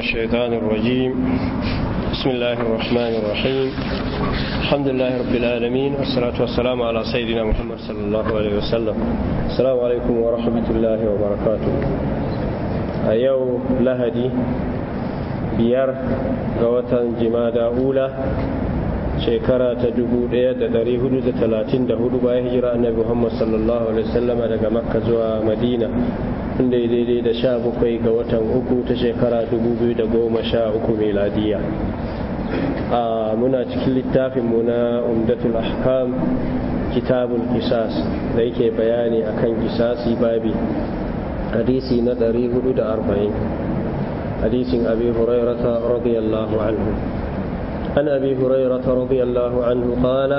الشيطان الرجيم بسم الله الرحمن الرحيم الحمد لله رب العالمين والصلاة والسلام على سيدنا محمد صلى الله عليه وسلم السلام عليكم ورحمة الله وبركاته أيو لهدي بيار قوة جمادة أولى shekara ta 1434 bayan hijira annabi Muhammad sallallahu alaihi wasallama daga Makka zuwa Madina tun ya daidai da sha bakwai ga watan uku ta shekara 2013 miladiya a muna cikin littafin mu na Umdatul Ahkam kitabul kisas da yake bayani akan kisasi babi hadisi na 440 hadisin abi hurairata radiyallahu anhu عن أبي هريرة رضي الله عنه قال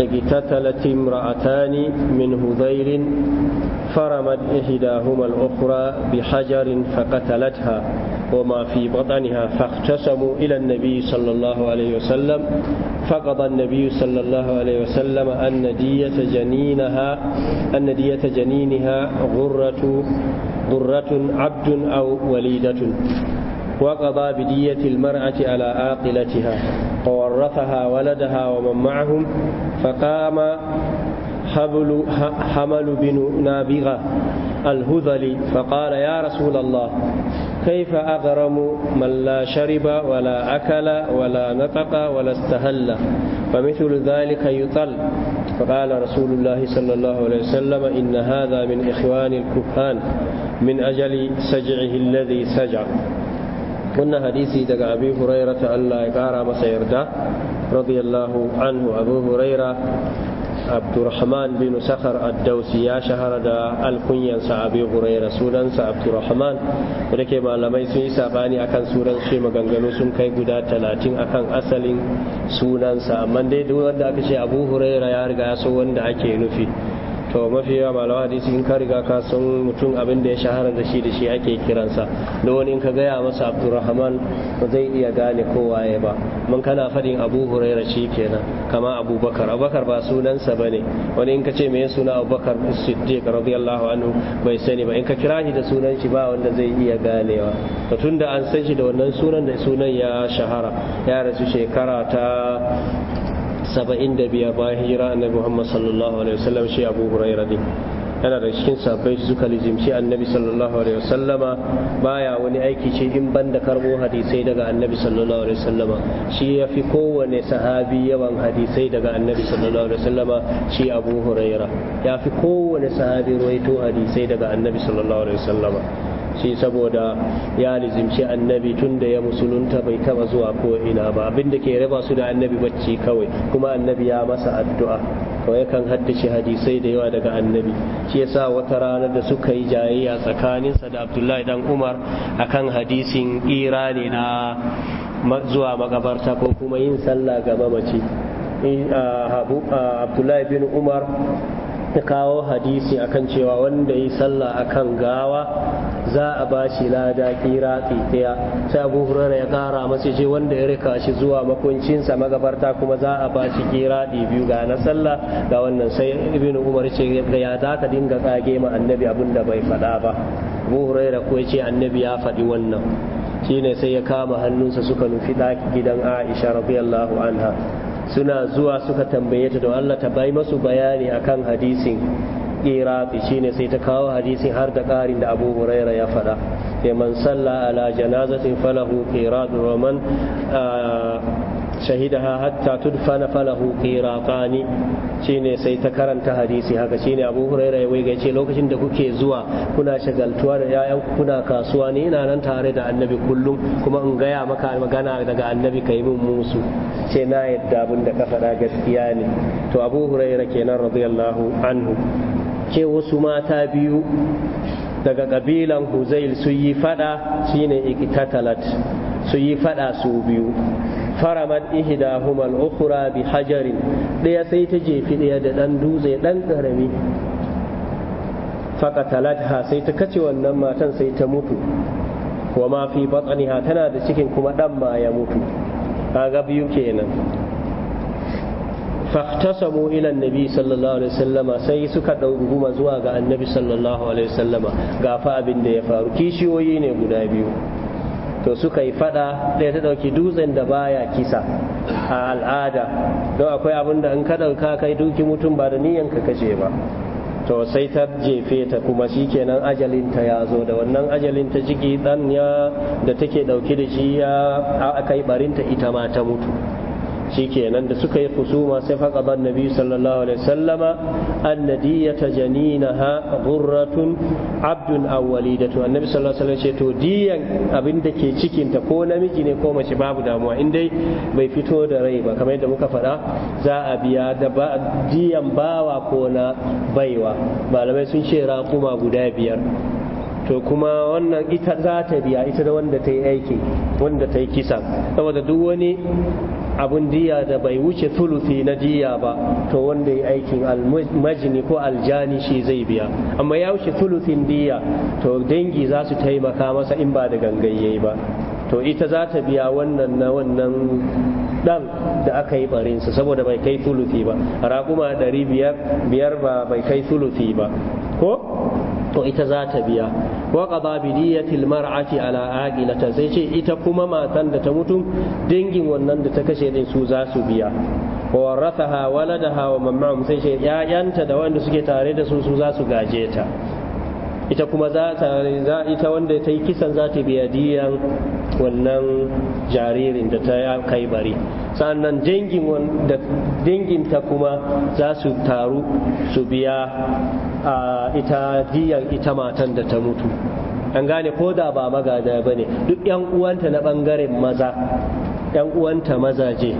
اقتتلت امرأتان من هذيل فرمت إحداهما الأخرى بحجر فقتلتها وما في بطنها فاختسموا إلى النبي صلى الله عليه وسلم فقضى النبي صلى الله عليه وسلم أن دية جنينها أن دية جنينها غرة غرة عبد أو وليدة وقضى بدية المرأة على عاقلتها وورثها ولدها ومن معهم فقام حبل حمل بن نابغة الهذلي فقال يا رسول الله كيف أغرم من لا شرب ولا أكل ولا نطق ولا استهل فمثل ذلك يطل فقال رسول الله صلى الله عليه وسلم إن هذا من إخوان الكهان من أجل سجعه الذي سجع wannan hadisi daga abi huraira ta Allah ya kara masa yarda radiyallahu anhu abu huraira abdurrahman bin sakhar ad ya shahara da alkunyansa abi huraira sunansa abdurrahman da ke malamai sun yi sabani akan sunan shi maganganu sun kai guda talatin akan asalin sunansa amma dai duk wanda aka ce abu huraira ya riga ya so wanda ake nufi to mafi yawa malawa hadisi in ka riga ka san mutum abin da ya shahara da shi da shi ake kiransa da wani in ka gaya masa abdurrahman ba zai iya gane ya ba mun kana fadin abu huraira shi kenan kama abubakar abubakar ba sunansa ba ne wani in ka ce me suna abubakar siddiq radiyallahu anhu bai sani ba in ka kira shi da sunan shi ba wanda zai iya ganewa to tun da an san shi da wannan sunan da sunan ya shahara ya rasu shekara ta saba'in da biyar bayan hijira annabi muhammad sallallahu alaihi wasallam shi abu huraira ne yana da cikin sabbai suka lizimci annabi sallallahu alaihi wasallama baya wani aiki ce in ban da karbo hadisai daga annabi sallallahu alaihi wasallama shi ya fi kowane sahabi yawan hadisai daga annabi sallallahu alaihi wasallama shi abu huraira ya fi kowane sahabi ruwaito hadisai daga annabi sallallahu alaihi wasallama shi saboda ya lizimci annabi tun da ya musulunta bai taba zuwa ko ina ba abin da ke raba su da annabi bacci kawai kuma annabi ya masa addu'a kawai kan haddace hadisai da yawa daga annabi shi yasa wata ranar da suka yi jayayya tsakaninsa da abdullahi dan umar akan hadisin ira ne na zuwa makabarta ko kuma yin sallah ga mamaci abdullahi bin umar ta kawo hadisi akan cewa wanda yi sallah akan gawa za a ba shi lada kira tsitsiya sai abu hurara ya kara masa ce wanda ya rika shi zuwa makuncinsa magabarta kuma za a ba shi kira biyu ga na sallah ga wannan sai ibin umar ce ya za ka dinga kage ma annabi abin da bai faɗa ba abu hurara ko ce annabi ya faɗi wannan shine sai ya kama hannunsa suka nufi ɗaki gidan aisha radiyallahu anha suna zuwa suka tambaye ta don Allah ta bai masu bayani akan hadisin iraqi shine sai ta kawo hadisin har da karin da abu huraira ya fada sai man salla ala janazatin falahu qiradu wa man shahidaha hatta tudfana falahu qiraqani shine sai ta karanta hadisi haka shine Abu Hurairah ya waiga ce lokacin da kuke zuwa kuna shagaltuwa da yayan kuna kasuwa ne ina nan tare da Annabi kullum kuma in gaya maka magana daga Annabi kai min musu ce na yadda abin da ka faɗa gaskiya ne to Abu Hurairah kenan radiyallahu anhu ke wasu mata biyu daga kabilan Huzail su yi fada shine ikitatalat su yi fada su biyu faramat ihdahuma al-ukhra bi hajarin daya sai ta jefi daya da dan dutse dan karami faqatalatha sai ta kace wannan matan sai ta mutu wa ma fi batniha tana da cikin kuma dan ma ya mutu kaga biyu kenan fahtasamu ila annabi sallallahu alaihi wasallama sai suka ɗauruma zuwa ga annabi sallallahu alaihi wasallama gafa abin da ya faru kishiyoyi ne guda biyu to suka yi fada ɗaya ta ɗauki dutsen da baya kisa a al'ada don akwai abin da in ka ɗauka kai duki mutum ba da niyan ka kashe ba to sai ta jefe ta kuma shi kenan ajalinta ya zo da wannan ajalin ta jiki ya da take ɗauki da shi ya kai barinta ita ma ta mutu shikenan da suka yi kusuma sai faqada Nabi sallallahu alaihi wasallama annadiyata ha ghurratun abdun da walidatu annabi sallallahu alaihi sallam ce to diyan abin da ke cikin ta ko namiji ne ko mace babu damuwa in dai bai fito da rai ba kamar yadda muka faɗa za a biya da diyan bawa ko na baiwa malamai sun ce raƙuma guda biyar to kuma wannan ita za ta biya ita da wanda ta yi aiki wanda ta yi kisa saboda duk wani abun diya da bai wuce thuluthi na diya ba to wanda ya aikin almajini ko aljani shi zai biya amma ya wuce thuluthin diya to dangi za su taimaka masa in ba da gangayye ba to ita za ta biya wannan na wannan dan da aka yi barinsa saboda bai kai thuluthi ba raƙuma ɗari biyar ba bai kai thuluthi ba ko to ita za ta biya wa qada bi diyatil mar'ati ala aqilata sai ce ita kuma matan da ta mutu dangin wannan da ta kashe din su za su biya wa warathaha waladaha wa mamma sai ce ya'yanta da wanda suke tare da su su za su gaje ta ita kuma za ta ita wanda ta yi kisan za ta biya diyan wannan jaririn da ta kai bari sannan dangin ta kuma za su taru su biya a ita diyan ita matan da ta mutu an gane ko da ba magada ba ne duk yan uwanta na bangaren maza yan uwanta mazaje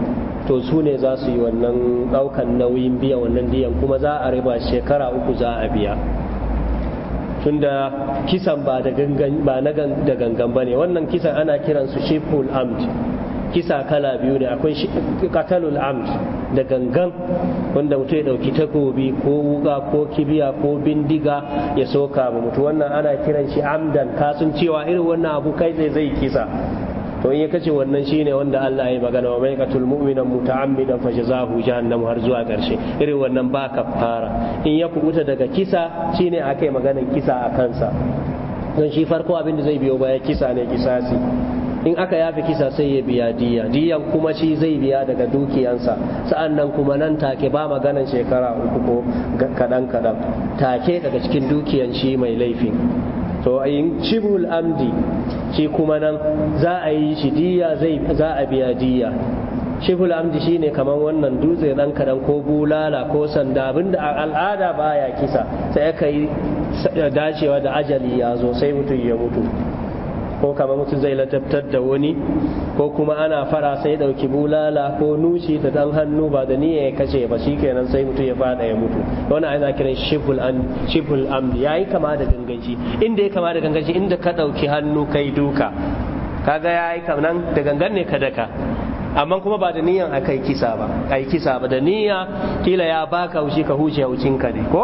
to su ne za su yi wannan daukan nauyin biya wannan diyan kuma za a riba shekara uku za a biya tunda kisan ba da gangan ba na da gangan bane wannan kisan ana kiran su shiful amd kisa kala biyu ne akwai qatalul amd da gangan wanda mutum ya dauki takobi ko wuka ko kibiya ko bindiga ya soka ba mutu wannan ana kiran shi amdan kasancewa irin wannan abu kai zai zai kisa to in ya kace wannan shine wanda Allah ya magana wa maikatul mu'mina muta'ammidan fa jazahu jahannam har zuwa karshe irin wannan ba kafara in ya kubuta daga kisa shine akai maganan kisa a kansa don shi farko abin da zai biyo baya kisa ne kisasi in aka yafi kisa sai ya biya diya diyan kuma shi zai biya daga dukiyansa sa'an nan kuma nan take ba maganan shekara uku ko kadan kadan take daga cikin dukiyan shi mai laifin to in shibul amdi shi kuma nan za a yi shi diya za a biya diya shibul amdi ne kamar wannan dutse dan kadan ko bulala ko sanda abinda a al'ada baya kisa sai aka yi dacewa da ajali ya zo sai mutum ya mutu ko kamar mutum zai latabtar da wani ko kuma ana fara sai ɗauki bulala ko nushi da ɗan hannu ba da niyya ya kashe ba shi kenan sai mutu ya fada ya mutu wani ana kiran shibul an shibul amdi yayi kama da ganganci inda ya kama da ganganci inda ka ɗauki hannu kai duka kaga yayi kaman da gangan ne ka daka amma kuma ba da niyan a kai kisa ba ai kisa ba da niyya kila ya baka haushi ka huce ka ne ko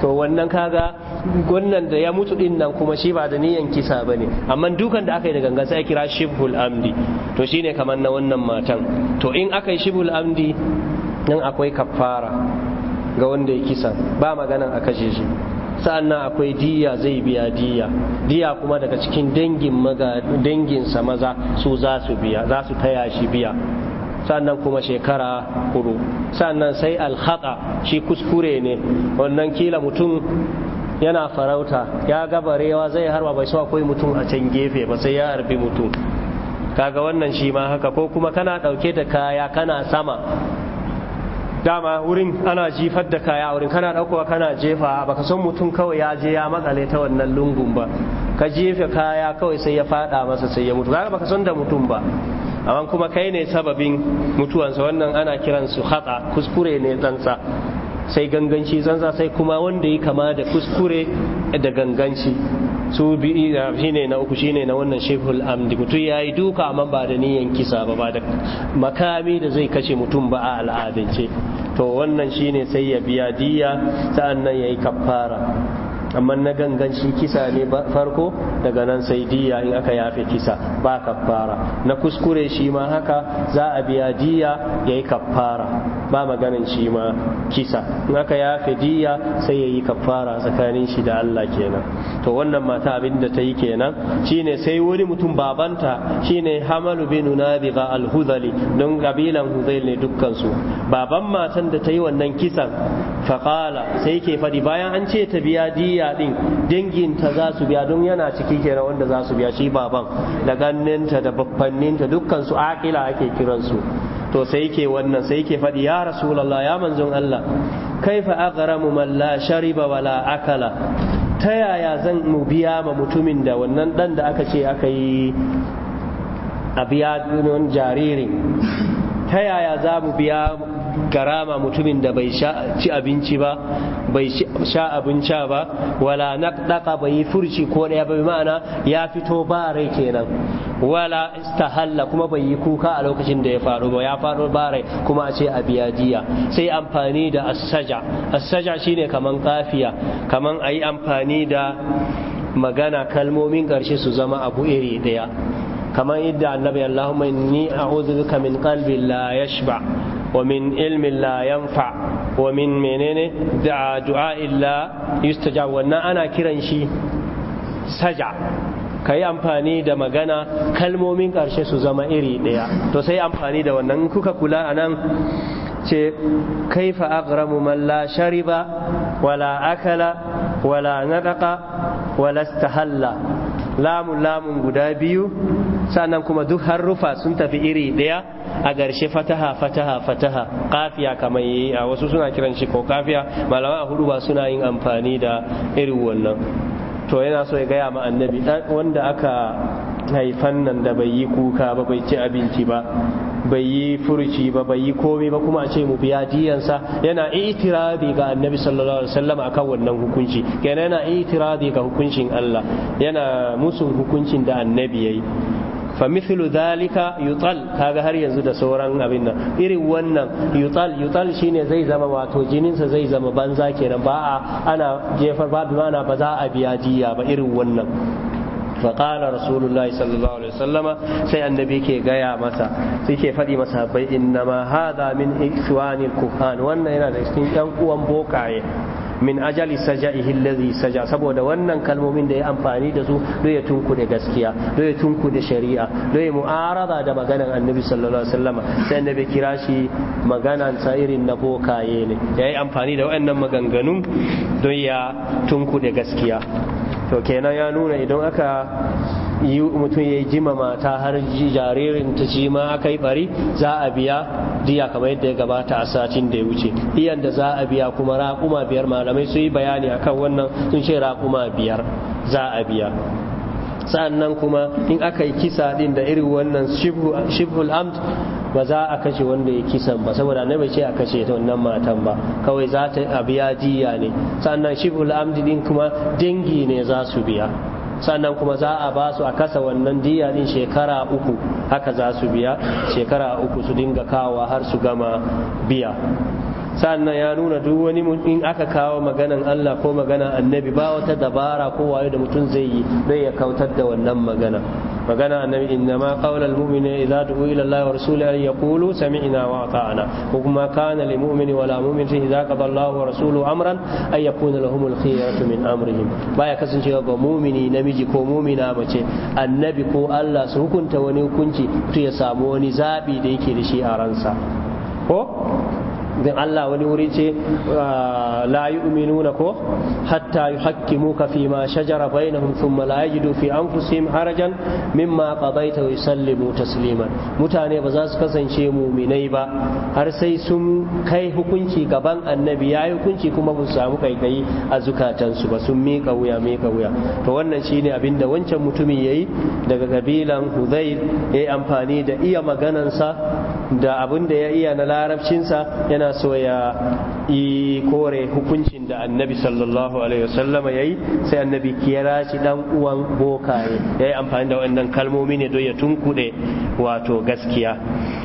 to wannan kaga Gwannan da ya mutu din nan kuma shi ba da niyan kisa ba ne amma dukan da aka yi da gangan sai kira shibhul amdi to shine kamar na wannan matan to in aka yi shibhul amdi nan akwai kafara ga wanda ya kisa ba maganan a kashe shi sa'annan akwai diya zai biya diya diya kuma daga cikin dangin maga danginsa maza su za su biya za su taya shi biya sannan kuma shekara kuru sannan sai alhaka shi kuskure ne wannan kila mutum yana farauta ya ga barewa zai harba bai so akwai mutum a can gefe ba sai ya harbi mutum kaga wannan shi ma haka ko kuma kana ɗauke da kaya kana sama dama wurin ana jifar da kaya wurin kana ɗaukowa kana jefa baka san mutum kawai ya je ya matsale ta wannan lungun ba ka jefa kaya kawai sai ya fada masa sai ya mutu kaga baka san da mutum ba amma kuma kai ne sababin mutuwansa wannan ana kiransu hata kuskure ne tsantsa sai ganganci zanza sai kuma wanda ya kama da kuskure da ganganci su bi shine na uku shine na wannan shehul amdi mutum ya yi duka amma ba da niyan kisa ba ba da makami da zai kashe mutum ba a al'adance to wannan shine sai ya biya diya sa'annan ya yi kafara amma na gangan shi kisa ne farko daga nan sai diya in aka yafe kisa ba kafara na kuskure shi ma haka za a biya diya ya yi ba maganin shi ma kisa in aka yafe diya sai ya yi tsakanin shi da Allah kenan to wannan mata abin da ta yi kenan shine sai wuri mutum babanta shine Hamalu bin Nadiga al don kabilan Hudhayl ne dukkan su baban matan da ta yi wannan kisan faqala sai ke fadi bayan an ce ta biya diya biya din danginta za su biya don yana ciki kenan wanda za su biya shi baban da ganninta da babbanninta dukkan su akila ake kiransu to sai ke wannan sai ke faɗi ya rasulullah ya manzon Allah kaifa aqramu man la shariba wala akala ta yaya zan mu biya ma mutumin da wannan dan da aka ce aka yi a biya jaririn ta yaya za mu biya garama mutumin da bai ci abinci ba bai sha abinci ba wala naqdaqa bai furci ko daya bai ma'ana ya fito ba rai kenan wala istahalla kuma bai yi kuka a lokacin da ya faru ba ya faru ba rai kuma a ce a biya jiya sai amfani da assaja asaja shine kaman kafiya kaman ayi amfani da magana kalmomin karshe su zama abu iri daya kamar yadda annabi Allahumma inni a'udhu bika min qalbin la yashba ومن علم لا ينفع ومن منين دعاء لا يستجاب wannan ana kiran shi saja ka yi amfani da magana kalmomin karshe su zama iri ɗaya to sai amfani da wannan kuka kula anan ce kaifa aqramu man la shariba wala akala wala nadaka wala stahalla lamun lamun guda biyu sannan kuma duk harrufa sun tafi iri ɗaya a garshe fataha fataha fataha kafiya kamar yi a wasu suna kiran shi ko kafiya malama a hudu ba suna yin amfani da iri wannan to yana so ya gaya ma annabi wanda aka haifan nan da bai yi kuka ba bai ci abinci ba bai yi furuci ba bai yi komai ba kuma a ce mu biya diyansa yana itirazi ga annabi sallallahu alaihi wasallam akan wannan hukunci kenan yana itirazi ga hukuncin Allah yana musun hukuncin da annabi yayi fa mithlu dhalika yutal kaga har yanzu da sauran abin nan irin wannan yutal yutal shine zai zama wato jininsa zai zama banza kenan ba a ana jefar ba mana ba za a biya jiya ba irin wannan فقال رسول الله صلى الله عليه وسلم سي النبي كي غيا مسا سي كي فدي مسا انما هذا من اخوان الكهان wannan هنا ده cikin yan uwan bokaye min ajali saja'ihi allazi saja saboda wannan kalmomin da ya amfani da su do ya tunku da gaskiya do ya tunku da shari'a do ya mu'arada da maganan annabi sallallahu alaihi wasallama sai annabi kira shi maganan sa irin na bokaye ne yayi amfani da waɗannan maganganun don ya tunku da gaskiya to kenan ya nuna idan aka mutum ya jima mata har jaririn ta ji ma aka yi bari za a biya diya kamar yadda ya gabata a satin da ya wuce iyan da za a biya kuma raƙuma biyar malamai su yi bayani akan wannan sun ce raƙuma biyar za a biya sa'annan kuma in aka yi kisa din da irin wannan shibhul amt ba za a kashe wanda ya kisan ba saboda bai ce a kashe ta wannan matan ba kawai za ta abiya diya ne sa'annan shibhul amd din kuma dangi ne za su biya sannan kuma za a ba su a kasa wannan diya din shekara uku haka za su biya shekara uku su dinga kawa har su gama biya sannan ya nuna duk wani in aka kawo maganan Allah ko magana annabi ba wata dabara ko wayo da mutum zai yi zai ya kautar da wannan magana magana annabi inna ma qawla al mu'mini idza du'u ila Allah wa rasulihi yaqulu sami'na wa ata'na wa kuma kana lil mu'mini wa la mu'minati idza qada Allah wa rasuluhu amran ay yakuna lahum al khiyaratu min amrihim baya kasancewa ga mu'mini namiji ko mu'mina mace annabi ko Allah su hukunta wani hukunci to ya samu wani zabi da yake da shi a ransa ko din Allah wani wuri ce ah, la yu'minuna ko hatta yuhakkimuka fi ma shajara bainahum thumma la yajidu fi anfusihim harajan mimma qadaita wa yusallimu tasliman mutane ba za su kasance muminai ba har sai sun kai hukunci gaban annabi ya yi hukunci kuma ba su samu kaikayi a zukatansu ba sun miƙa wuya miƙa wuya to wannan shine abin da wancan mutumin yayi daga kabilan Hudayr ya yi amfani da iya maganansa da abin da ya iya na larabcinsa yana so ya yi kore hukuncin da annabi sallallahu alaihi wasallam ya yi sai annabi kira shi dan uwan bokaye ya yi amfani da wannan kalmomi ne don ya tunkuɗe wato gaskiya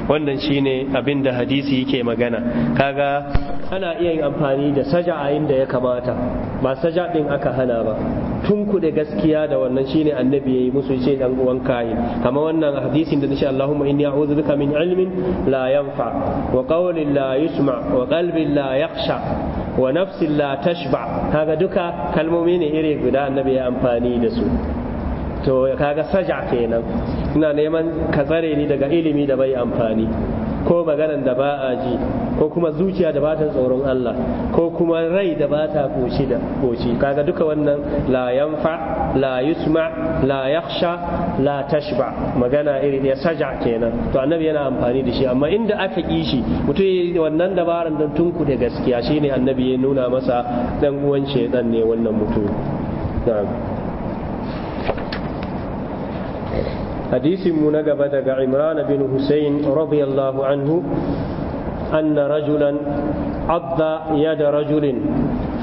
wannan shine abin da hadisi yake magana kaga ana iya yin amfani da saja a inda ya kamata ba saja din aka hana ba tun kuɗe gaskiya da wannan shine annabi yayi musu ce dan uwan kayi kama wannan hadisin da insha Allahumma inni a'udhu bika min ilmin la yanfa wa qawlin la yusma wa qalbin la yakhsha wa nafsin la tashba kaga duka kalmomi ne iri guda annabi ya amfani da su to kaga saja kenan ina neman ka tsare ni daga ilimi da bai amfani ko maganan da ba a ji ko kuma zuciya da bata tsoron Allah ko kuma rai da bata koshi da koshi kaga duka wannan la yanfa la yusma la yakhsha la tashba magana irin ya saja kenan to annabi yana amfani da shi amma inda aka ki shi mutum wannan dabaran dan tunku da gaskiya shine annabi ya nuna masa dan uwan shedan ne wannan mutum hadisin mu na gaba daga imran bin husayn radiyallahu anhu أن رجلا عض يد رجل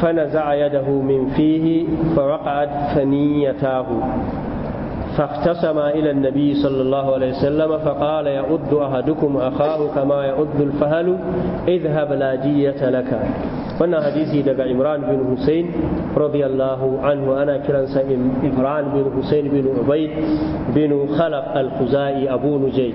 فنزع يده من فيه فوقعت ثنيتاه فاختسم إلى النبي صلى الله عليه وسلم فقال يؤد أحدكم أخاه كما يؤد الفهل اذهب لا جية لك وانا حديثي دقى عمران بن حسين رضي الله عنه أنا كرنسا عمران بن حسين بن عبيد بن خلق الخزائي أبو نجيج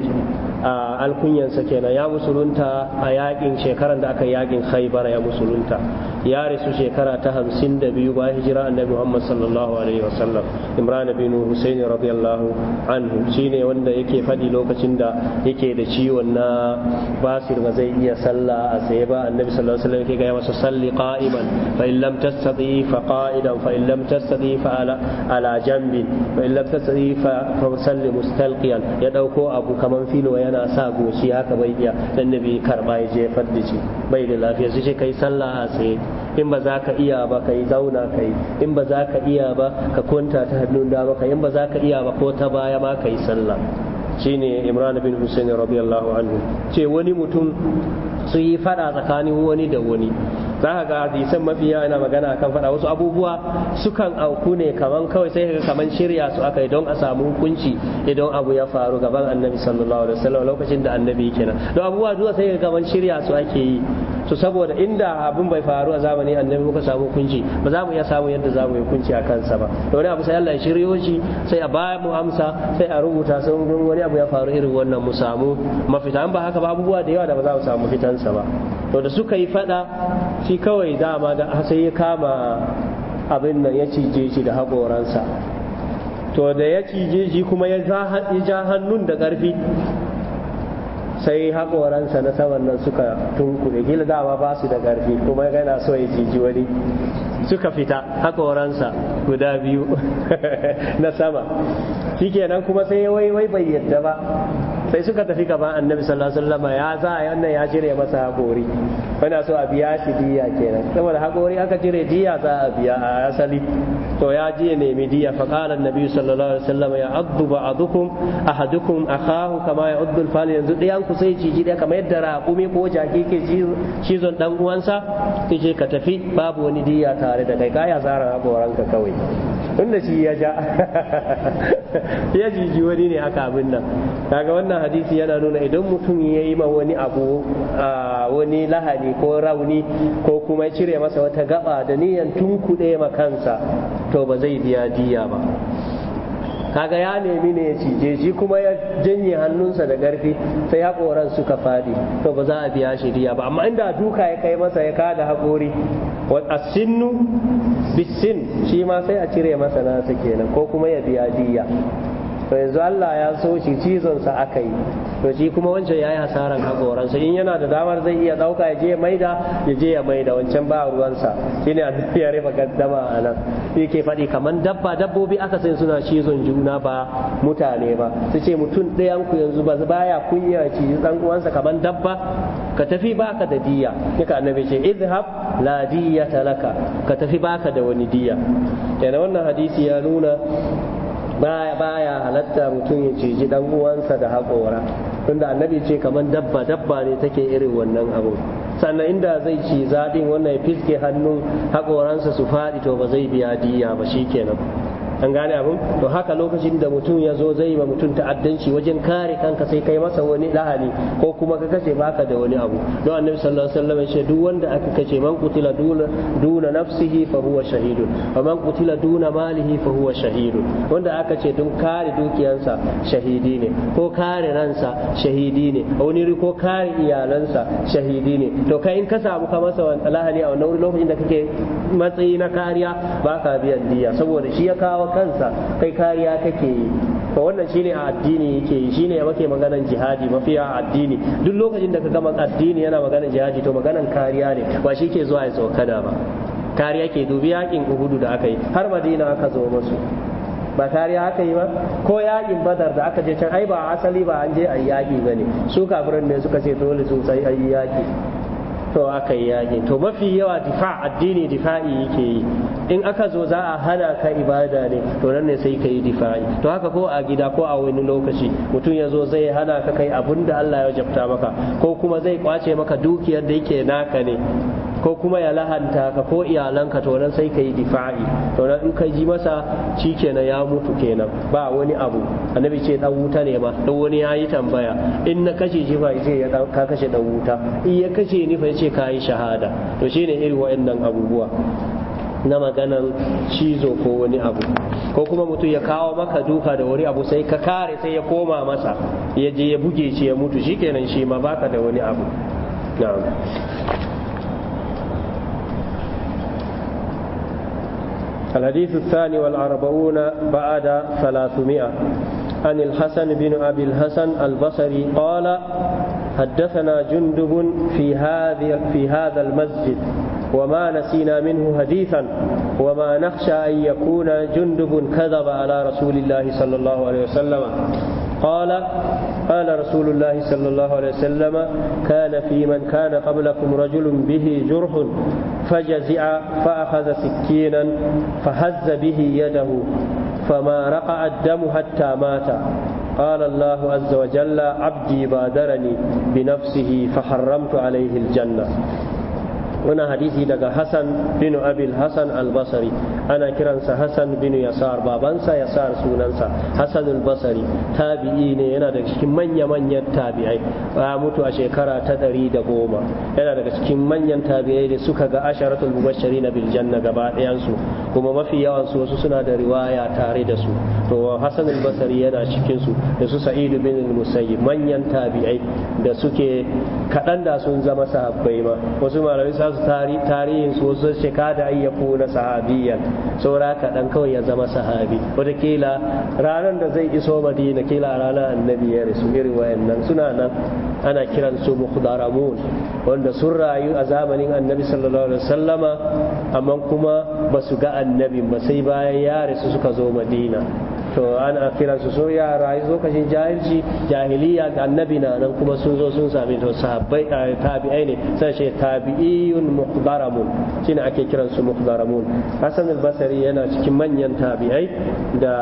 alkunyansa kenan ya musulunta a yakin shekaran da aka yakin khaybar ya musulunta ya rasu shekara ta hamsin da biyu bayan hijira annabi muhammad sallallahu alaihi wasallam imran bin husayn radiyallahu anhu shine wanda yake fadi lokacin da yake da ciwon na basir ba zai iya sallah a tsaye ba annabi sallallahu alaihi wasallam yake ga masa salli qa'iman fa in lam tastati fa qa'idan fa in lam tastati fa ala ala jambin fa in lam tastati fa salli mustalqiyan ya dauko abu kaman filo yana yana sa goshi haka bai iya dan nabi karba ya jefar da shi bai da lafiya su ce kai sallah a tsaye in ba za ka iya ba kai zauna kai in ba za ka iya ba ka kwanta ta hannun dama kai in ba za ka iya ba ko ta baya ma kai sallah shine imran bin hussein radiyallahu anhu ce wani mutum su yi fada tsakanin wani da wani za ka ga hadisan mafi yawa yana magana kan faɗa wasu abubuwa sukan auku ne kaman kawai sai ka kaman shirya su aka yi don a samu hukunci idan abu ya faru gaban annabi sallallahu alaihi wasallam lokacin da annabi kenan don abubuwa zuwa sai ka kaman shirya su ake yi to saboda inda abin bai faru a zamani annabi muka samu hukunci ba za mu iya samu yadda za mu yi hukunci a kansa ba da wani abu sai Allah ya shiryo shi sai a ba mu amsa sai a rubuta sai wani abu ya faru irin wannan mu samu mafita an ba haka ba abubuwa da yawa da ba za mu samu fitansa ba to da suka yi fada shi kawai dama da sai ya kama abin nan ya cije shi da haƙoransa to da ya cije shi kuma ya ja hannun da ƙarfi sai haƙoransa na saman nan suka tunkuɗe gila dama ba su da ƙarfi kuma yana so ya ciji wani suka fita hakoransa guda biyu na sama shikenan kuma sai wai wai bai yadda ba sai suka tafi gaban annabi sallallahu alaihi wasallam ya za a wannan ya cire masa hakori ana so a biya shi diya kenan saboda hakori aka cire diya za a biya a asali to ya je nemi diya fa qala annabi sallallahu alaihi wasallam ya addu ba'dukum ahadukum akahu kama ya addu al yanzu diyan ku sai ciji da kamar yadda raƙumi ko jaki ke cizon dan uwansa kike ka tafi babu wani diya ta tare da kai ka ya tsara haƙoranka kawai tunda shi ya ja ya jiji wani ne haka abin nan kaga wannan hadisi yana nuna idan mutum ya yi ma wani abu wani lahani ko rauni ko kuma cire masa wata gaba da niyan tunkuɗe ma kansa to ba zai biya diya ba kaga ya nemi ne ya cije shi kuma ya janye hannunsa da garfi sai haƙoran suka fadi to ba za a biya shi diya ba amma inda duka ya kai masa ya kada haƙori asinnu bisin shi ma sai a cire masa nasa kenan ko kuma ya biya diya to yanzu Allah ya so shi cizon sa aka yi to shi kuma wancan yayi hasaran hakoran sa in yana da damar zai iya dauka ya je ya maida ya je ya maida wancan ba ruwan sa shine a ya rufe gaddama anan yake faɗi kaman dabba dabbobi aka san suna cizon juna ba mutane ba su ce mutum ɗayan ku yanzu ba baya kunya ci dan uwansa kaman dabba ka tafi baka da diya kika annabi ce idhab la diyata laka ka tafi baka da wani diya kenan wannan hadisi ya nuna baya baya halatta mutum ya ciji dan uwansa da haƙora tunda annabi ce kamar dabba dabba ne take irin wannan abu sannan inda zai ci zaɗin wannan ya fiske hannun haƙoransa su faɗi to ba zai biya diya ba shikenan an gane abin to haka lokacin da mutum ya zo zai ma mutum ta'addanci wajen kare kanka sai kai masa wani lahani ko kuma ka kace baka da wani abu don annabi sallallahu alaihi wasallam ya ce duk wanda aka kace man kutila duna duna nafsihi fa huwa shahidun wa man kutila duna malihi fa huwa shahidun wanda aka ce don kare dukiyansa shahidi ne ko kare ransa shahidi ne wani ko kare iyalansa shahidi ne to kai in ka samu ka masa lahani a wannan lokacin da kake matsayi na kariya baka biyan diya saboda shi ya kawo wa kansa kai kariya kake yi to wannan shine a addini yake yi shine muke maganan jihadi mafiya a addini duk lokacin da ka gama addini yana maganan jihadi to maganan kariya ne ba shi ke zuwa ya tsokana ba kariya ke dubi yakin uhudu da aka yi har madina aka zo musu ba kariya aka yi ba ko yakin badar da aka je can ai ba asali ba an je a yaki ba ne su kafiran ne suka ce dole su sai ayi yaki to aka yi yaƙi to mafi yawa difa addini difa'i yake yi in aka zo za a hana ka ibada ne to nan ne sai ka yi difa'i to haka ko a gida ko a wani lokaci mutum ya zo zai hana ka kai abin da Allah ya jabta maka ko kuma zai kwace maka dukiyar da yake naka ne ko kuma ya lahanta ka ko iyalanka to nan sai ka yi difa'i to nan in ka ji masa shi kenan ya mutu kenan ba wani abu annabi ce dan wuta ne ma dan wani ya yi tambaya in na kashe shi fa ce ya ka kashe dan wuta in ya kashe ni fa ce ka yi shahada to shine irin wa'annan abubuwa na maganan cizo ko wani abu ko kuma mutum ya kawo maka duka da wani abu sai ka kare sai ya koma masa ya je ya buge shi ya mutu kenan shi ma baka da wani abu na'am الحديث الثاني والأربعون بعد ثلاثمائة عن الحسن بن أبي الحسن البصري قال حدثنا جندب في هذه في هذا المسجد وما نسينا منه حديثا وما نخشى أن يكون جندب كذب على رسول الله صلى الله عليه وسلم قال قال رسول الله صلى الله عليه وسلم كان في من كان قبلكم رجل به جرح فجزع فأخذ سكينا فهز به يده فما رقع الدم حتى مات قال الله عز وجل عبدي بادرني بنفسه فحرمت عليه الجنة wani hadisi daga Hassan bin Abil Hassan albasari ana kiransa Hassan bin Yasar babansa Yasar sunansa Hassan al tabi'i ne yana daga cikin manya-manyan tabi'ai ba mutu a shekara ta ɗari da goma yana daga cikin manyan tabi'ai da suka ga asharatul mubashari na biljanna gaba ɗayansu kuma mafi yawan su wasu suna da riwaya tare da su to Hassan al yana cikin su da su Sa'idu bin musayyib manyan tabi'ai da suke kaɗan da sun zama sahabbai ma wasu malamai tarihin su wasu ce kada an kuna sahabiyan saura kaɗan kawai ya zama sahabi wataƙila ranar da zai iso madina kila ranar annabi ya rasu irin wayannan suna nan ana kiran su mukhdaramun wanda sun rayu a zamanin annabi sallallahu alaihi wasallama amma kuma ba su ga annabi ba sai bayan ya rasu suka zo madina to ana kiransu sun yara lokacin jahilci jahiliya ga annabi na nan kuma sun zo sun sami to sahabbai tabi'ai ne sai shi tabi'iyun muhdaramun shine ake kiransu muhdaramun hasan al-basri yana cikin manyan tabi'ai da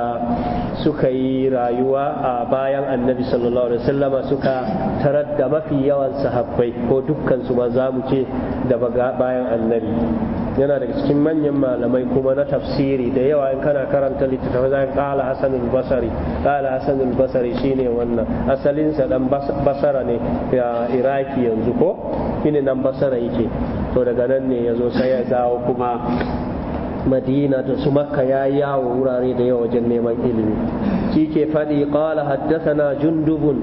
suka yi rayuwa a bayan annabi sallallahu alaihi wasallama suka tarar da mafi yawan sahabbai ko dukkan su ba za mu ce da bayan annabi yana daga cikin manyan malamai kuma na tafsiri da yawa in kana karanta littattafai za ka kala hasanul basari kala al-basri shine wannan asalinsa dan basara ne ya iraki yanzu ko shine nan basara yake to daga nan ne yazo zo sai ya dawo kuma madina da su makka ya yawo wurare da yawa wajen neman ilimi shi ke faɗi ƙala haddasana jundubun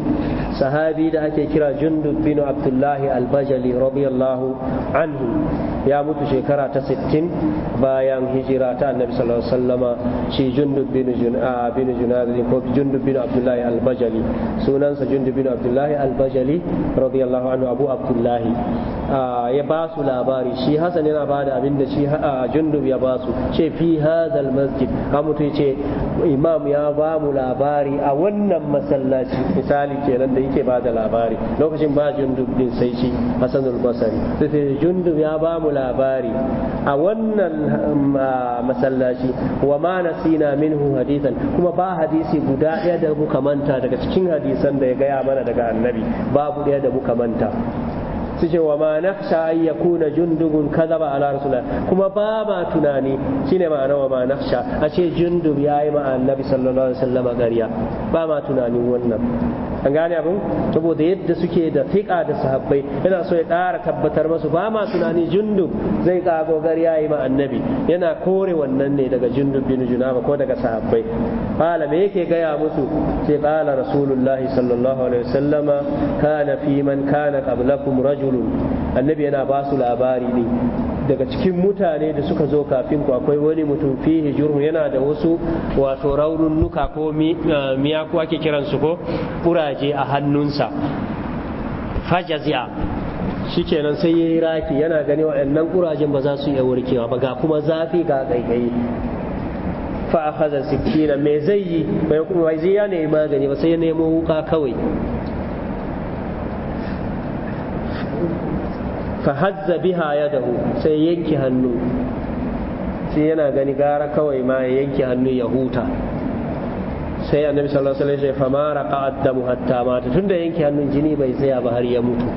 sahabi da ake kira jundub bin abdullahi albajali radiyallahu anhu ya mutu shekara ta 60 bayan hijira ta annabi sallallahu alaihi wasallama shi jundub bin junadin ko jundub bin abdullahi albajali sunansa jundub bin abdullahi albajali radiyallahu anhu abu abdullahi ya ba su labari shi hasan yana ba da abin da shi jundub ya ba su ce fi hazal masjid ha mutu ce imam ya ba mu labari a wannan masallaci misali kenan da yake bada labari lokacin ba jundub din sai shi hasan al-basri sai jundub ya ba mu labari a wannan um, masallaci wa ma nasina minhu hadithan kuma ba hadisi guda ɗaya da muka manta daga cikin hadisan da ya gaya mana daga annabi babu ɗaya da muka manta ce wa ma sha an kuna jundubun ba ala rasulillah kuma ba ma tunani shine ma'ana wa ma a ce jundub yi ma annabi sallallahu alaihi wasallam gariya ba ma tunanin wannan an gane abin saboda yadda suke da fiƙa da sahabbai yana so ya ƙara tabbatar masu ba ma tunani jundub zai ƙago gari yi ma annabi yana kore wannan ne daga jundub bin junaba ko daga sahabbai qala me yake gaya musu sai qala rasulullahi sallallahu alaihi wasallama kana fi man kana qablakum rajul rasulu annabi yana ba su labari ne daga cikin mutane da suka zo kafin ku akwai wani mutum fihi jurhu yana da wasu wato nuka ko eh, miyaku ake kiransu ko kuraje a hannunsa fajazi'a shikenan sai yayi raki yana gani waɗannan kurajen ba za su iya warkewa ba ga kuma zafi ga gaigayi fa akhadha sikina me zai yi kuma zai ya ne magani ba sai ya nemo wuka kawai fa hazza biha yadahu sai yanki hannu sai yana gani gara kawai ma ya yanki hannu ya huta sai annabi sallallahu alaihi wasallam ya fama raqa'at hatta mata tunda yanki hannun jini bai tsaya ba har ya mutu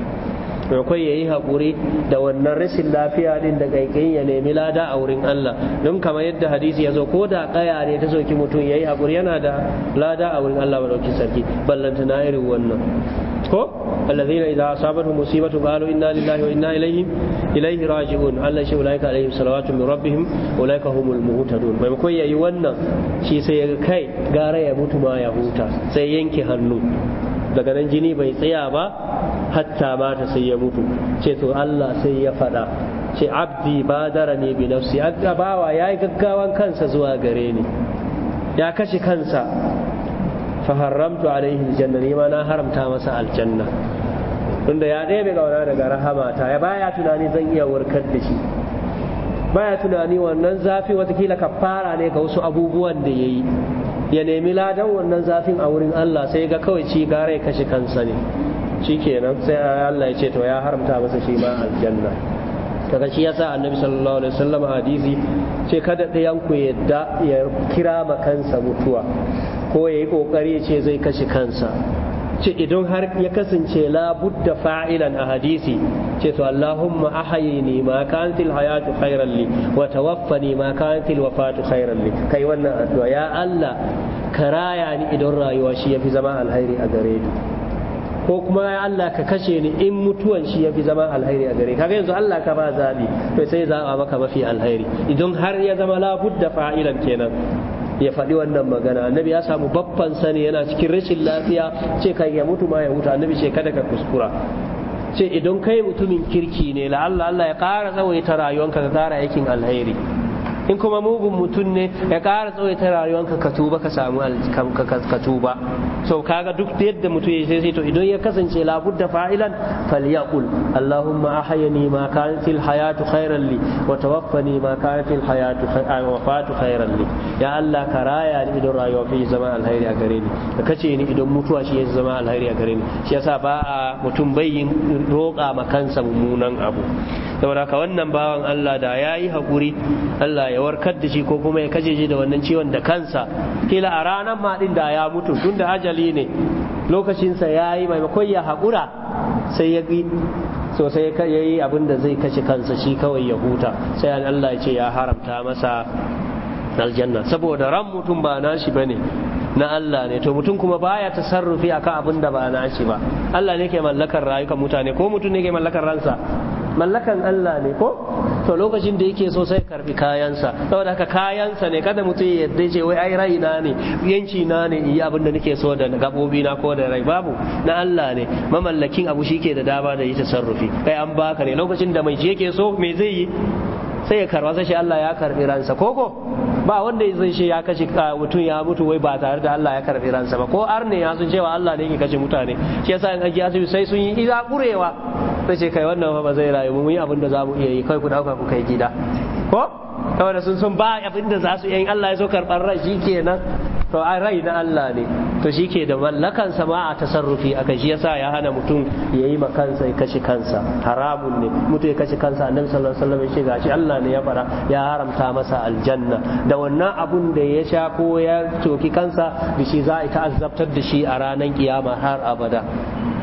akwai ya yi haƙuri da wannan rashin lafiya din da ƙaiƙayin ya nemi lada a wurin Allah don kama yadda hadisi ya zo ko da ƙaya ne ta soki mutum ya yi haƙuri yana da lada a wurin Allah maɗauki sarki ballanta na irin wannan ko allazina idza asabatuhum musibatu qalu inna lillahi wa inna ilayhi ilayhi raji'un Allah shi ulaika alaihim salawatu min rabbihim ulaika humul muhtadun bai ya yayi wannan shi sai ya kai gara ya mutu ma ya huta sai yanke hannu daga nan jini bai tsaya ba hatta mata sai ya mutu ce to Allah sai ya faɗa ce abdi badara ne bi nafsi bawa ya yi gaggawan kansa zuwa gare ni ya kashe kansa fa haramtu alaihi aljanna ne ma na haramta masa aljanna tunda ya ɗebe gauna daga Rahama ta ya baya tunani zan iya warkar da shi baya tunani wannan zafi watakila kafara ne ga wasu abubuwan da ya yi ya nemi ladan wannan zafin a wurin Allah sai ga kawai ci gara ya kashe kansa ne kenan sai Allah ya ce to ya haramta masa shi ma aljanna kaga shi yasa annabi sallallahu alaihi wasallam hadisi ce kada ɗayan ku yadda ya kira ma kansa mutuwa ko ya yi kokari ya ce zai kashe kansa ce idan har ya kasance labudda fa'ilan a hadisi ce to Allahumma ahayini ma kantil hayatu khairan li wa tawaffani ma kantil wafatu khairan li kai wannan addu'a ya Allah ka raya ni idan rayuwa shi yafi zama alheri a gare ni ko kuma ya Allah ka kashe ni in mutuwan shi yafi zama alhairi a gare kaga yanzu Allah ka ba zabi to sai zaba maka mafi alhairi idan har ya zama da fa'ilan kenan ya faɗi wannan magana annabi ya samu babban sani yana cikin rashin lafiya ce kai ya mutu ma ya huta annabi ce kada ka kuskura ce idan kai mutumin kirki ne la Allah Allah ya ƙara tsawaita rayuwanka ka ƙara aikin alheri in kuma mugun mutum ne ya ƙara ta rayuwanka ka tuba ka samu ka tuba so kaga duk yadda mutum ya sai to idan ya kasance da fa'ilan falyaqul allahumma ahyani ma kanat fil hayatu khairan li wa tawaffani ma kanat fil hayatu wafatu khairan ya allah ka raya ni idan rayuwa fi zama alheri a gare ni ka kace ni idan mutuwa shi ya zama alheri a gare ni shi yasa ba a mutum bai yin roƙa ma kansa mummunan abu saboda ka wannan bawan Allah da yayi hakuri Allah ya warkar da shi ko kuma ya kaje shi da wannan ciwon da kansa kila a ranar ma din da ya mutu tun da ajali ne lokacinsa ya yi maimakon ya haƙura sai ya yi sosai ya yi abin da zai kashe kansa shi kawai ya huta sai an Allah ya ce ya haramta masa aljanna saboda ran mutum ba nashi bane na Allah ne to mutum kuma baya tasarrufi akan abin da ba nashi ba Allah ne ke mallakar rayukan mutane ko mutum ne ke mallakar ransa mallakan Allah ne ko to lokacin da yake so sai karbi kayansa saboda haka kayansa ne kada mutum ya yadda ce wai ai rai na ne yanci na ne yi abin da nake so da gabobi na ko da rai babu na Allah ne mamallakin abu shi ke da dama da yi tasarrufi kai an baka ne lokacin da mai shi yake so me zai yi sai ya karba sai Allah ya karbi ransa koko ba wanda zai ce ya kashe mutum ya mutu wai ba tare da Allah ya karbi ransa ba ko arne ya sun cewa Allah ne yake kashe mutane shi yasa in aji sai sun yi iza kurewa sai ce kai wannan ba zai rayu mun yi abin da za mu iya yi kai ku dauka ku kai gida ko kawai sun sun ba abin da za su yi Allah ya so karɓar ran shi kenan to a rai na Allah ne to shi ke da mallakan ma a tasarrufi aka shi yasa ya hana mutum ya yi kansa ya kashe kansa haramun ne mutum ya kashe kansa annabi sallallahu alaihi wasallam ya shi Allah ne ya fara ya haramta masa aljanna da wannan abun da ya sha ko ya coki kansa da shi za a ta'azzabtar da shi a ranar kiyama har abada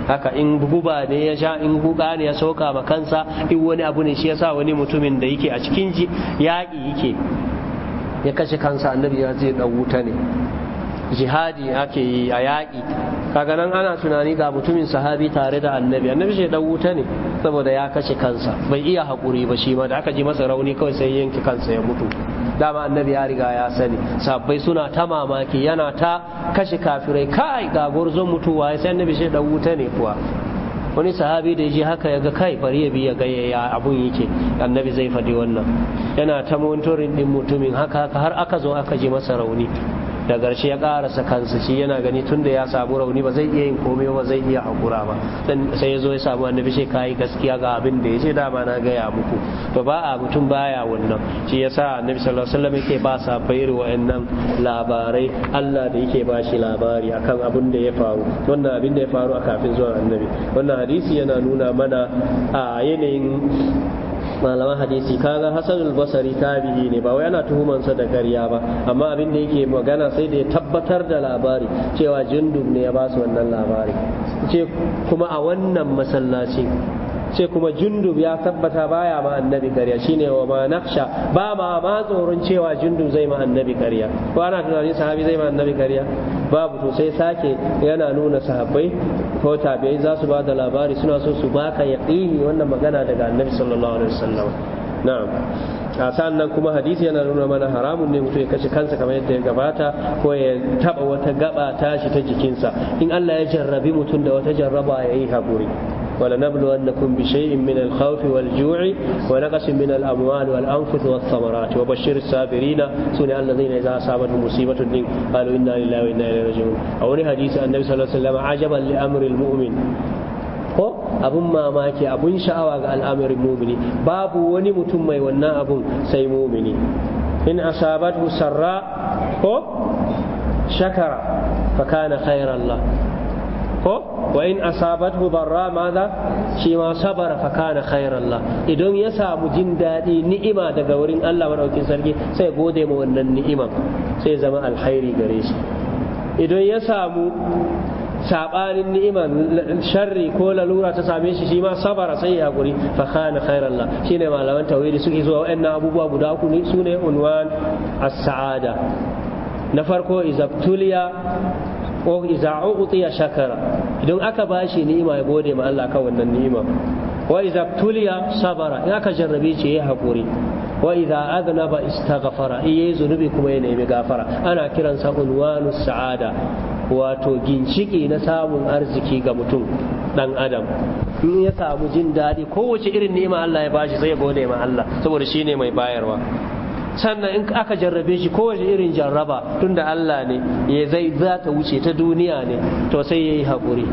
haka in guba ne ya sha in guba ne ya soka ma kansa in wani abu ne shi yasa wani mutumin da yake a cikin yaƙi yake ya kashe kansa annabi ya ce dan wuta ne jihadi ake yi a yaƙi kaga nan ana tunani ga mutumin sahabi tare da annabi annabi shi dan wuta ne saboda ya kashe kansa bai iya haƙuri ba shi ma da aka ji masa rauni kawai sai yanke kansa ya mutu dama annabi ya riga ya sani sabbai suna ta mamaki yana ta kashe kafirai kai ga gurzon mutuwa sai annabi shi dan wuta ne kuwa wani sahabi da ji haka yaga kai bari ya bi ya ga ya abun yake annabi zai faɗi wannan yana ta monitorin din mutumin haka haka har aka zo aka ji masa rauni da garshe ya karasa kansa shi yana gani tun da ya samu rauni ba zai iya yin komai ba zai iya hakura ba sai ya zo ya samu annabi shi kai gaskiya ga abin da ya ce dama na gaya muku to ba a mutum baya wannan shi yasa annabi sallallahu alaihi wasallam yake ba sa bayar wa'annan labarai Allah da yake ba shi labari akan abin da ya faru wannan abin da ya faru a kafin zuwa annabi wannan hadisi yana nuna mana a yanayin malaman hadisi kaga hasanul basari tabi'i ne ba wai ana sa da ƙarya ba amma abin da yake magana sai da ya tabbatar da labari cewa jindub ne ya ba su wannan labari ce kuma a wannan masallaci sai kuma jundub ya tabbata baya ma annabi kariya shine wa ma naqsha ba ma ma tsoron cewa jundub zai ma annabi kariya ko ana tunanin sahabi zai ma annabi kariya babu to sai sake yana nuna sahabbai ko tabi'ai za su ba da labari suna so su baka yaqini wannan magana daga annabi sallallahu alaihi wasallam na'am a sannan kuma hadisi yana nuna mana haramun ne mutum ya kashe kansa kamar yadda ya gabata ko ya taba wata gaba tashi ta jikinsa in Allah ya jarrabi mutum da wata jarraba ya yi haƙuri ولنبلونكم بشيء من الخوف والجوع ونقص من الأموال والأنفس والثمرات وبشر الصابرين سنة الذين إذا أصابتهم مصيبة قالوا إنا لله وإنا إليه راجعون أولي حديث النبي صلى الله عليه وسلم عجبا لأمر المؤمن ko abun mamaki abun sha'awa ga al'amarin mumini babu wani mutum mai wannan abun sai mumini in asabatu sarra ko shakara fa kana khairan ko wa in asabathu darra madha shi ma sabara fa kana khairan la idan ya samu jin dadi ni'ima daga wurin Allah madaukin sarki sai gode ma wannan ni'ima sai zama alkhairi gare shi idan ya samu sabanin ni'iman sharri ko lalura ta same shi shi ma sabara sai ya guri fa kana khairan la shine malaman tauhidi suke zuwa wayannan abubuwa guda uku ne sune unwan as-sa'ada na farko izabtuliya ko iza uqtiya shakara idan aka bashi ni'ima ya gode ma Allah kan wannan ni'ima wa iza tuliya sabara in aka jarrabe ce ya hakuri wa iza gafara istaghfara iye zunubi kuma ya nemi gafara ana kiran sa ulwanus sa'ada wato ginciki na samun arziki ga mutum dan adam in ya samu jin daɗi kowace irin nema Allah ya bashi sai ya gode ma Allah saboda shine mai bayarwa sannan in aka jarrabe shi kowace irin jarraba tunda Allah ne ya zai za ta wuce ta duniya ne to sai ya yi haƙuri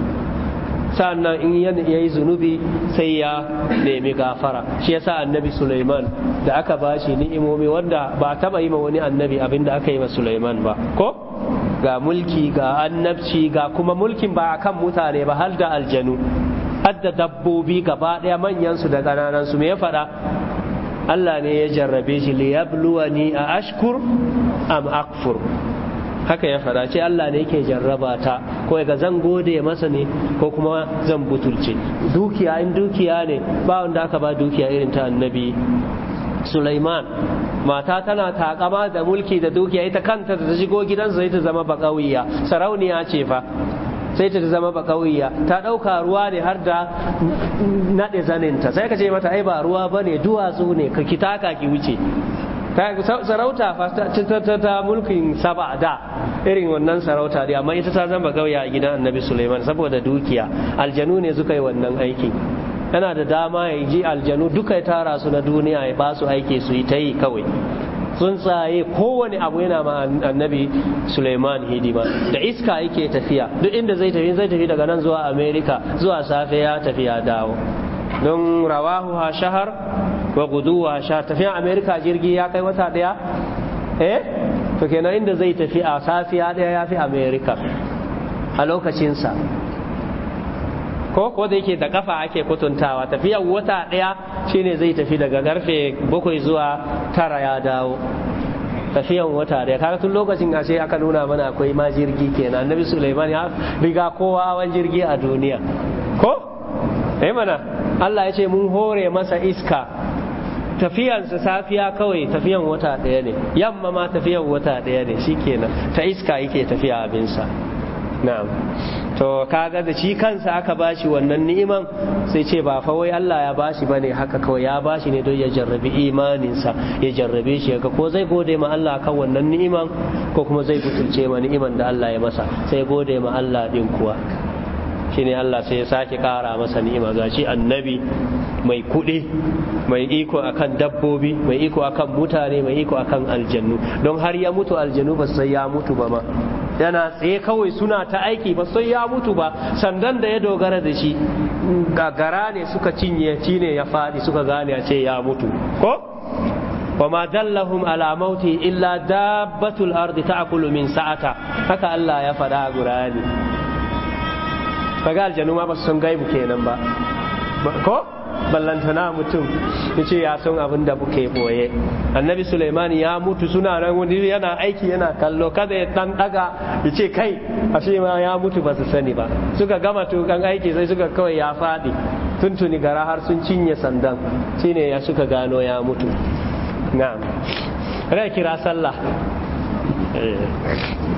sannan in ya yi zunubi sai ya nemi gafara shi sa annabi Suleiman da aka ba shi ni'imomi wanda ba taɓa yi ma wani annabi abin da aka yi ma Suleiman ba ko ga mulki ga annabci ga kuma mulkin ba kan mutane ba har da aljanu hadda dabbobi gaba ɗaya manyansu da ƙananansu me ya faɗa Allah ne ya jarrabe shi liyabluwani a ashkur am akfur haka ya fara ce Allah ne yake jarraba ta ko ga zan gode masa ne ko kuma zan butulce dukiya in dukiya ne ba wanda aka ba dukiya irin ta annabi Sulaiman mata tana takama da mulki da dukiya ita kanta da ta shigo gidansa ita ta zama bakawiya sarauniya ce fa sai ta zama ba kauyiya ta ɗauka ruwa ne har da naɗe zaninta sai ka ce mata ai ba ruwa ba ne duwatsu ne ka ki taka ki wuce sarauta ta mulkin saba da irin wannan sarauta dai amma ita ta zama gauya a gidan annabi suleiman saboda dukiya aljanu ne suka yi wannan aiki yana da dama ya ji aljanu duka ya tara su na duniya ya ba su aiki su yi ta yi kawai tsuntsaye kowane abu yana ma annabi Suleiman hidima da iska yake tafiya duk inda zai tafi zai tafi daga nan zuwa Amerika zuwa safe ya tafi ya dawo don rawahu ha shahar wa gudu wa shahar tafiyan amerika jirgi ya kai wata daya eh to kenan inda zai tafi a safiya daya ya fi Amerika a lokacinsa ko ko da yake da kafa ake kutuntawa tafiyar wata ɗaya shine zai tafi daga karfe bakwai zuwa tara ya dawo tafiyan wata da kaga tun lokacin ashe aka nuna mana akwai ma jirgi kenan annabi Sulaiman ya riga kowa jirgi a duniya ko eh mana Allah ya ce mun hore masa iska Tafiyan sa safiya kawai tafiyan wata ɗaya ne yamma ma tafiyan wata ɗaya ne shikenan ta iska yake tafiya abinsa na'am to kaga da shi kansa aka bashi wannan ni'iman sai ce ba fa wai Allah ya bashi bane haka kawai ya bashi ne don ya jarrabi imaninsa ya jarrabe shi ga ko zai gode ma Allah kan wannan ni'iman ko kuma zai butulce ma ni'iman da Allah ya masa sai gode ma Allah din kuwa shine Allah sai ya sake kara masa ni'ima gashi annabi mai kuɗi mai iko akan dabbobi mai iko akan mutane mai iko akan aljannu don har ya mutu aljannu ba sai ya mutu ba ma yana tsaye kawai suna ta aiki ba sai ya mutu ba sandan da ya dogara da shi gagara ne suka cinye ci ne ya faɗi suka gane a ce ya mutu ko ma dallahum ala mauti illa dabbatul ardi ta'kulu min sa'ata haka Allah ya faɗa gurani kaga aljanu ma ba su san gaibu kenan ba ko ballantana mutum ya ce ya san abin da kuke boye annabi suleiman ya mutu suna nan wani yana aiki yana kallo kada ya dan daga ya ce kai ashe ma ya mutu ba su sani ba suka gama tukan aiki sai suka kawai ya faɗi tuntuni gara har sun cinye sandan shine ya suka gano ya mutu na'am kira sallah eh.